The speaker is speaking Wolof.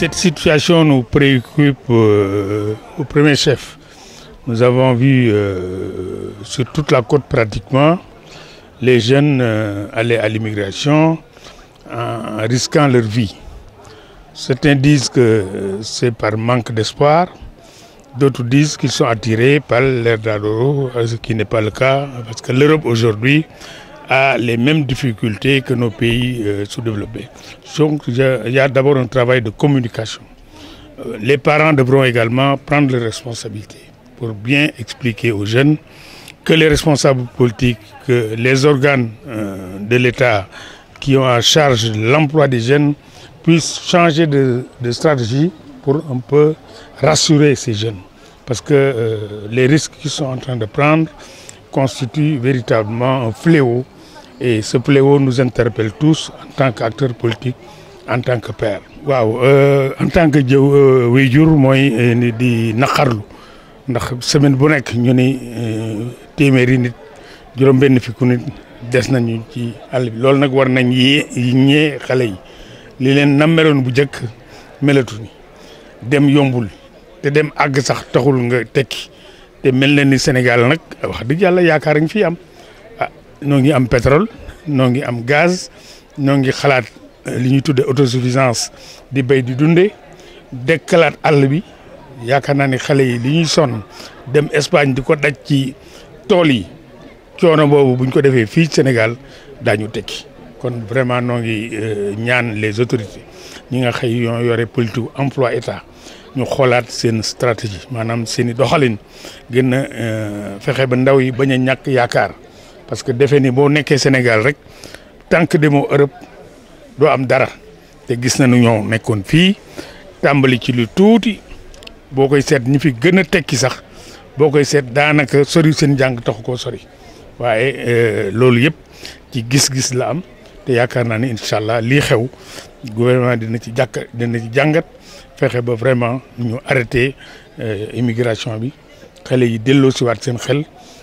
Cette situation nous préoccupe euh, au premier chef. Nous avons vu euh, sur toute la côte pratiquement les jeunes euh, aller à l'immigration en risquant leur vie. Certains disent que c'est par manque d'espoir, d'autres disent qu'ils sont attirés par l'air d'Adoro, ce qui n'est pas le cas, parce que l'Europe aujourd'hui a les mêmes difficultés que nos pays euh, sous-développés. Donc il y a d'abord un travail de communication. Euh, les parents devront également prendre les responsabilités pour bien expliquer aux jeunes que les responsables politiques, que les organes euh, de l'État qui ont en charge l'emploi des jeunes puissent changer de, stratégie pour un peu rassurer ces jeunes. Parce que les risques qu'ils sont en train de prendre constituent véritablement un fléau Et ce fléau nous interpelle tous en tant qu'acteurs politiques, en tant que père. waaw euh, en tant que jëw euh, waajur mooy euh, di naqarlu ndax semaine bu nekk ñu ni téeméeri nit juróom-benn fukki des nañu ci àll bi loolu nag war nañ yee ñee xale yi li leen nammeroon bu njëkk melatu dem yombul te dem àgg sax taxul nga tekki te mel na ni Sénégal nag wax dëgg yàlla yaakaar nga fi am. noo ngi am pétrole noo ngi am gaz noo ngi xalaat euh, li ñuy tuddee suffisance di bay di dundee dekkalaat àll bi yaakaar naa ne xale yi li ñuy sonn dem Espagne di ko daj ci tool yi coono boobu buñ ko defee fii Sénégal daañu tekki kon vraiment noo ngi euh, ñaan les autorités ñi nga xëy yore politique emploi état ñu xoolaat seen stratégie maanaam seen i doxalin gën a euh, fexe ba ndaw yi bañ a ñàkk yaakaar. parce que defe ni boo nekkee Sénégal rek tant que demoo Europe do am dara te gis nañu ñoo nekkoon fi tàmbali ci lu tuuti bokoy sét ñi fi gëna a tekki sax bokoy sét seet sori seen jang taxu koo sori waaye euh, loolu yépp ci gis-gis la am te yaakaar naa ni inshallah li xew gouvernement dina ci jakk dina ci jangat fexé ba vraiment ñu arrêté euh, immigration bi xalé yi ci wat seen xel